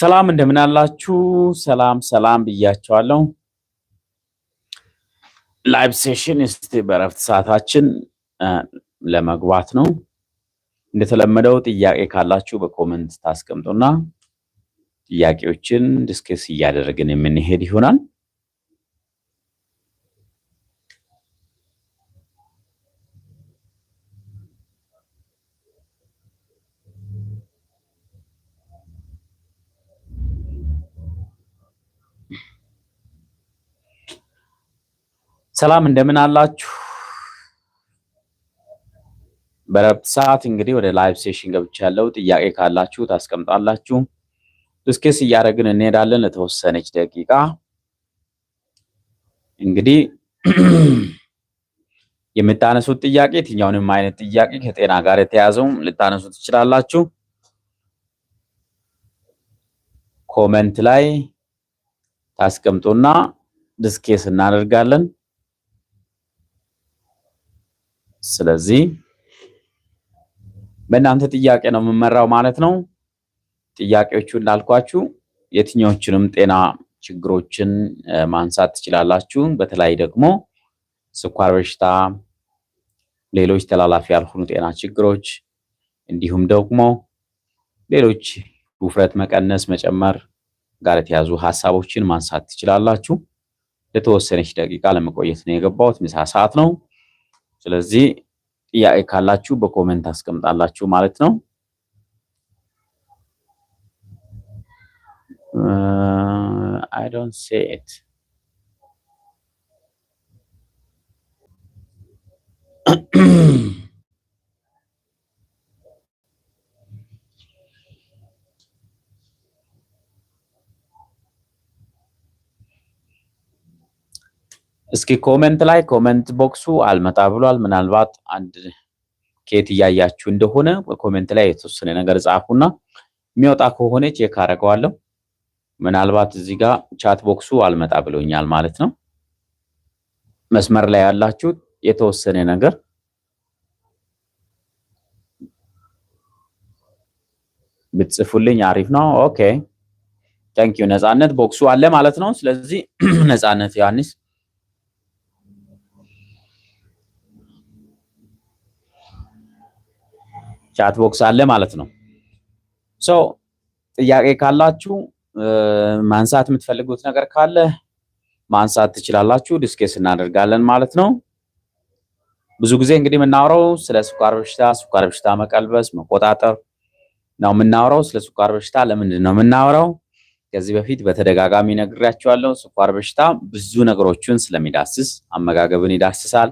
ሰላም እንደምን አላችሁ? ሰላም ሰላም ብያቸዋለሁ። ላይቭ ሴሽን እስቲ በረፍት ሰዓታችን ለመግባት ነው። እንደተለመደው ጥያቄ ካላችሁ በኮመንት ታስቀምጡና ጥያቄዎችን ዲስከስ እያደረግን የምንሄድ ይሆናል። ሰላም እንደምን አላችሁ? በረብት ሰዓት እንግዲህ ወደ ላይቭ ሴሽን ገብቻለሁ። ጥያቄ ካላችሁ ታስቀምጣላችሁ። ዲስከስ እያደረግን እንሄዳለን ለተወሰነች ደቂቃ። እንግዲህ የምታነሱት ጥያቄ የትኛውንም አይነት ጥያቄ ከጤና ጋር የተያዘው ልታነሱ ትችላላችሁ። ኮመንት ላይ ታስቀምጡና ዲስከስ እናደርጋለን። ስለዚህ በእናንተ ጥያቄ ነው የምመራው ማለት ነው። ጥያቄዎቹ እንዳልኳችሁ የትኛዎቹንም ጤና ችግሮችን ማንሳት ትችላላችሁ። በተለይ ደግሞ ስኳር በሽታ፣ ሌሎች ተላላፊ ያልሆኑ ጤና ችግሮች እንዲሁም ደግሞ ሌሎች ውፍረት መቀነስ፣ መጨመር ጋር የተያዙ ሀሳቦችን ማንሳት ትችላላችሁ። ለተወሰነች ደቂቃ ለመቆየት ነው የገባሁት። ምሳ ሰዓት ነው። ስለዚህ ጥያቄ ካላችሁ በኮሜንት አስቀምጣላችሁ ማለት ነው። አይ ዶንት ሴ ኢት እስኪ ኮመንት ላይ ኮመንት ቦክሱ አልመጣ ብሏል። ምናልባት አንድ ኬት እያያችሁ እንደሆነ ኮሜንት ላይ የተወሰነ ነገር ጻፉና የሚወጣ ከሆነ ቼክ አደርገዋለሁ። ምናልባት እዚህ ጋር ቻት ቦክሱ አልመጣ ብሎኛል ማለት ነው። መስመር ላይ ያላችሁ የተወሰነ ነገር ብትጽፉልኝ አሪፍ ነው። ኦኬ ታንኪዩ ነጻነት ቦክሱ አለ ማለት ነው። ስለዚህ ነጻነት ዮሐንስ ቻት ቦክስ አለ ማለት ነው። ሶ ጥያቄ ካላችሁ ማንሳት የምትፈልጉት ነገር ካለ ማንሳት ትችላላችሁ። ዲስኬስ እናደርጋለን ማለት ነው። ብዙ ጊዜ እንግዲህ የምናወራው ስለ ስኳር በሽታ፣ ስኳር በሽታ መቀልበስ፣ መቆጣጠር ነው የምናወራው። ስለ ስኳር በሽታ ለምንድን ነው የምናወራው? ከዚህ በፊት በተደጋጋሚ ነግሬያቸዋለሁ። ስኳር በሽታ ብዙ ነገሮችን ስለሚዳስስ አመጋገብን ይዳስሳል፣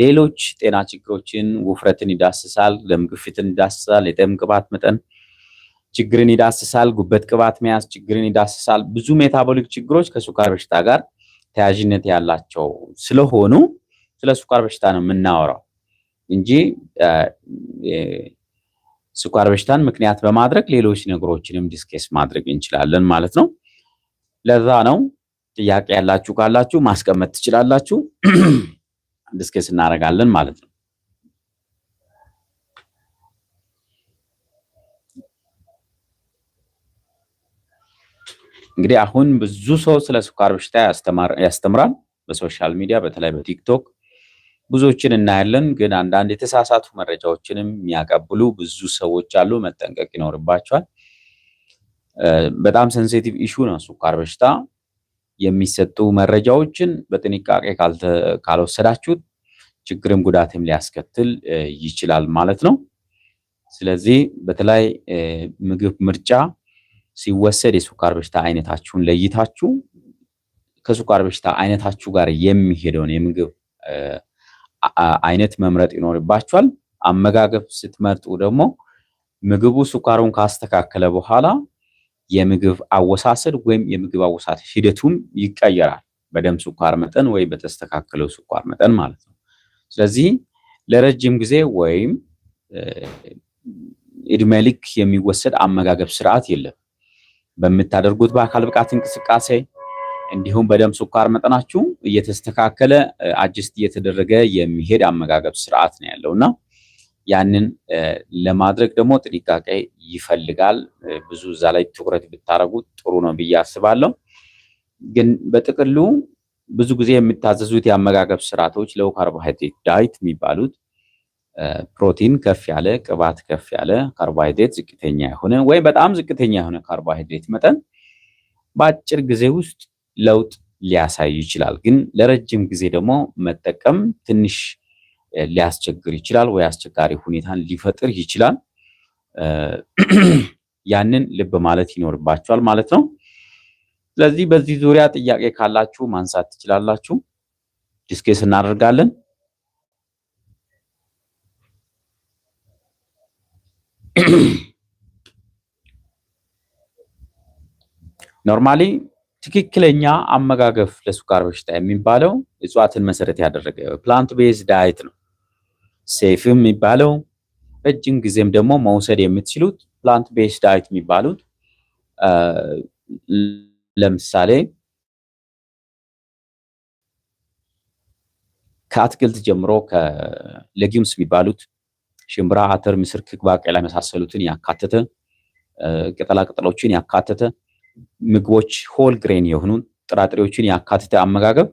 ሌሎች ጤና ችግሮችን፣ ውፍረትን ይዳስሳል፣ ደም ግፊትን ይዳስሳል፣ የደም ቅባት መጠን ችግርን ይዳስሳል፣ ጉበት ቅባት መያዝ ችግርን ይዳስሳል። ብዙ ሜታቦሊክ ችግሮች ከሱካር በሽታ ጋር ተያዥነት ያላቸው ስለሆኑ ስለ ሱካር በሽታ ነው የምናወራው እንጂ ስኳር በሽታን ምክንያት በማድረግ ሌሎች ነገሮችንም ዲስኬስ ማድረግ እንችላለን ማለት ነው። ለዛ ነው ጥያቄ ያላችሁ ካላችሁ ማስቀመጥ ትችላላችሁ። ዲስከስ እናደርጋለን ማለት ነው። እንግዲህ አሁን ብዙ ሰው ስለ ስኳር በሽታ ያስተምራል። በሶሻል ሚዲያ በተለይ በቲክቶክ ብዙዎችን እናያለን። ግን አንዳንድ የተሳሳቱ መረጃዎችንም የሚያቀብሉ ብዙ ሰዎች አሉ። መጠንቀቅ ይኖርባቸዋል። በጣም ሴንሲቲቭ ኢሹ ነው ስኳር በሽታ። የሚሰጡ መረጃዎችን በጥንቃቄ ካልወሰዳችሁት ችግርም ጉዳትም ሊያስከትል ይችላል ማለት ነው። ስለዚህ በተለይ ምግብ ምርጫ ሲወሰድ የሱካር በሽታ አይነታችሁን ለይታችሁ ከሱካር በሽታ አይነታችሁ ጋር የሚሄደውን የምግብ አይነት መምረጥ ይኖርባችኋል። አመጋገብ ስትመርጡ ደግሞ ምግቡ ሱካሩን ካስተካከለ በኋላ የምግብ አወሳሰድ ወይም የምግብ አወሳሰድ ሂደቱም ይቀየራል። በደም ስኳር መጠን ወይም በተስተካከለው ስኳር መጠን ማለት ነው። ስለዚህ ለረጅም ጊዜ ወይም እድሜ ልክ የሚወሰድ አመጋገብ ስርዓት የለም። በምታደርጉት በአካል ብቃት እንቅስቃሴ እንዲሁም በደም ስኳር መጠናችሁ እየተስተካከለ አጅስት እየተደረገ የሚሄድ አመጋገብ ስርዓት ነው ያለውና ያንን ለማድረግ ደግሞ ጥንቃቄ ይፈልጋል። ብዙ እዛ ላይ ትኩረት ብታደረጉ ጥሩ ነው ብዬ አስባለሁ። ግን በጥቅሉ ብዙ ጊዜ የሚታዘዙት የአመጋገብ ስርዓቶች ለው ካርቦሃይድሬት ዳይት የሚባሉት ፕሮቲን ከፍ ያለ፣ ቅባት ከፍ ያለ፣ ካርቦሃይድሬት ዝቅተኛ የሆነ ወይም በጣም ዝቅተኛ የሆነ ካርቦሃይድሬት መጠን በአጭር ጊዜ ውስጥ ለውጥ ሊያሳይ ይችላል። ግን ለረጅም ጊዜ ደግሞ መጠቀም ትንሽ ሊያስቸግር ይችላል ወይ አስቸጋሪ ሁኔታን ሊፈጥር ይችላል። ያንን ልብ ማለት ይኖርባችኋል ማለት ነው። ስለዚህ በዚህ ዙሪያ ጥያቄ ካላችሁ ማንሳት ትችላላችሁ። ዲስኬስ እናደርጋለን። ኖርማሊ ትክክለኛ አመጋገብ ለስኳር በሽታ የሚባለው እጽዋትን መሰረት ያደረገ ፕላንት ቤዝ ዳይት ነው። ሴፍ የሚባለው ረጅም ጊዜም ደግሞ መውሰድ የምትችሉት ፕላንት ቤስ ዳይት የሚባሉት ለምሳሌ ከአትክልት ጀምሮ ከሌጊምስ የሚባሉት ሽምብራ፣ አተር፣ ምስር፣ ክክ፣ ባቄላ የመሳሰሉትን ያካተተ ቅጠላ ቅጠሎችን ያካተተ ምግቦች ሆል ግሬን የሆኑ ጥራጥሬዎችን ያካተተ አመጋገብ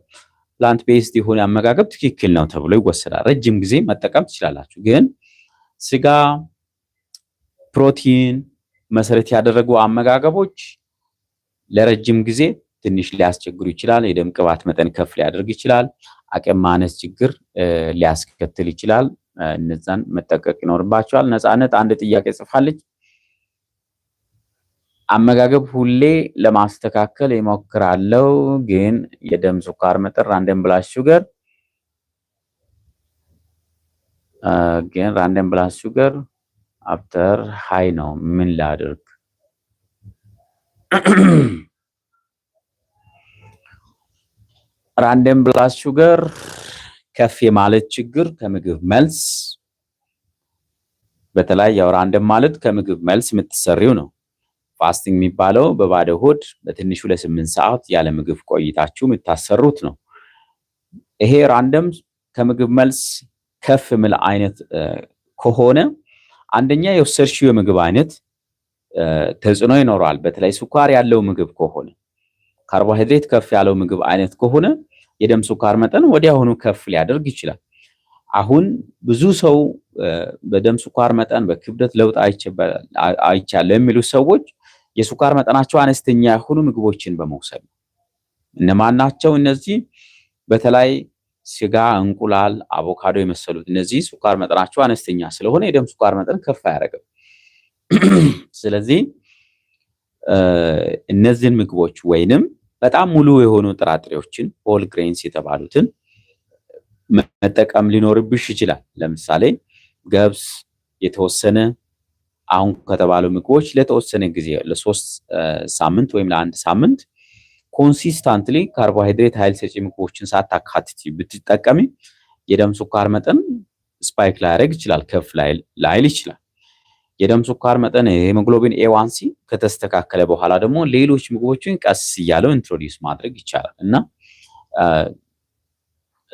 ፕላንት ቤዝድ የሆነ አመጋገብ ትክክል ነው ተብሎ ይወሰዳል። ረጅም ጊዜ መጠቀም ትችላላችሁ። ግን ስጋ፣ ፕሮቲን መሰረት ያደረጉ አመጋገቦች ለረጅም ጊዜ ትንሽ ሊያስቸግሩ ይችላል። የደም ቅባት መጠን ከፍ ሊያደርግ ይችላል። አቅም ማነስ ችግር ሊያስከትል ይችላል። እነዛን መጠቀቅ ይኖርባቸዋል። ነፃነት አንድ ጥያቄ ጽፋለች። አመጋገብ ሁሌ ለማስተካከል ይሞክራለው፣ ግን የደም ሱካር መጠን ራንደም ብላስ ሹገር ግን ራንደም ብላስ ሹገር አፍተር ሃይ ነው። ምን ላድርግ? ራንደም ብላስ ሹገር ከፍ የማለት ችግር ከምግብ መልስ፣ በተለይ ያው ራንደም ማለት ከምግብ መልስ የምትሰሪው ነው። ፋስቲንግ የሚባለው በባዶ ሆድ በትንሹ ለስምንት ሰዓት ያለ ምግብ ቆይታችሁ የምታሰሩት ነው። ይሄ ራንደም ከምግብ መልስ ከፍ ምል አይነት ከሆነ አንደኛ የወሰድሽው የምግብ አይነት ተጽዕኖ ይኖረዋል። በተለይ ስኳር ያለው ምግብ ከሆነ ካርቦሃይድሬት ከፍ ያለው ምግብ አይነት ከሆነ የደም ስኳር መጠን ወዲያውኑ ከፍ ሊያደርግ ይችላል። አሁን ብዙ ሰው በደም ስኳር መጠን በክብደት ለውጥ አይቻለሁ የሚሉ ሰዎች የሱካር መጠናቸው አነስተኛ የሆኑ ምግቦችን በመውሰድ ነው። እነማን ናቸው እነዚህ? በተለይ ስጋ፣ እንቁላል፣ አቮካዶ የመሰሉት እነዚህ ሱካር መጠናቸው አነስተኛ ስለሆነ የደም ሱካር መጠን ከፍ አያደርግም። ስለዚህ እነዚህን ምግቦች ወይንም በጣም ሙሉ የሆኑ ጥራጥሬዎችን ሆል ግሬንስ የተባሉትን መጠቀም ሊኖርብሽ ይችላል። ለምሳሌ ገብስ የተወሰነ አሁን ከተባሉ ምግቦች ለተወሰነ ጊዜ ለሶስት ሳምንት ወይም ለአንድ ሳምንት ኮንሲስታንትሊ ካርቦሃይድሬት ኃይል ሰጪ ምግቦችን ሳታካትቺ ብትጠቀሚ የደም ስኳር መጠን ስፓይክ ላያደርግ ይችላል፣ ከፍ ላይል ይችላል። የደም ስኳር መጠን ሄሞግሎቢን ኤዋንሲ ከተስተካከለ በኋላ ደግሞ ሌሎች ምግቦችን ቀስ እያለው ኢንትሮዲውስ ማድረግ ይቻላል እና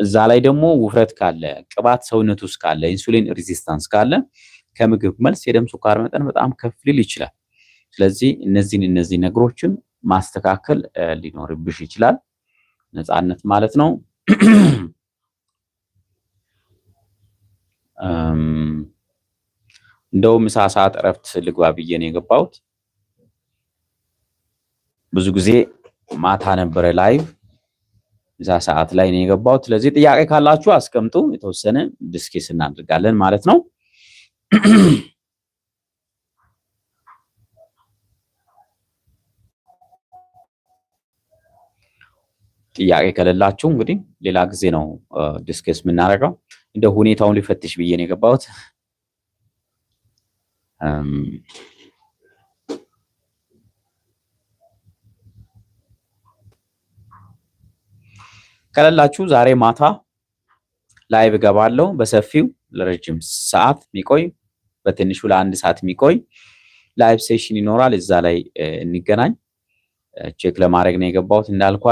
እዛ ላይ ደግሞ ውፍረት ካለ፣ ቅባት ሰውነት ውስጥ ካለ፣ ኢንሱሊን ሬዚስታንስ ካለ ከምግብ መልስ የደም ስኳር መጠን በጣም ከፍ ሊል ይችላል። ስለዚህ እነዚህን እነዚህ ነገሮችን ማስተካከል ሊኖርብሽ ይችላል። ነፃነት ማለት ነው። እንደው ምሳ ሰዓት እረፍት ልግባ ብዬ ነው የገባሁት። ብዙ ጊዜ ማታ ነበረ ላይቭ፣ ምሳ ሰዓት ላይ ነው የገባሁት። ስለዚህ ጥያቄ ካላችሁ አስቀምጡ፣ የተወሰነ ድስኬስ እናድርጋለን ማለት ነው። ጥያቄ ከሌላችሁ እንግዲህ ሌላ ጊዜ ነው ዲስከስ የምናደርገው። እንደ ሁኔታውን ሊፈትሽ ብዬ ነው የገባሁት። ከሌላችሁ ዛሬ ማታ ላይቭ እገባለሁ በሰፊው ለረጅም ሰዓት የሚቆይ በትንሹ ለአንድ ሰዓት የሚቆይ ላይቭ ሴሽን ይኖራል። እዛ ላይ እንገናኝ። ቼክ ለማድረግ ነው የገባሁት እንዳልኳ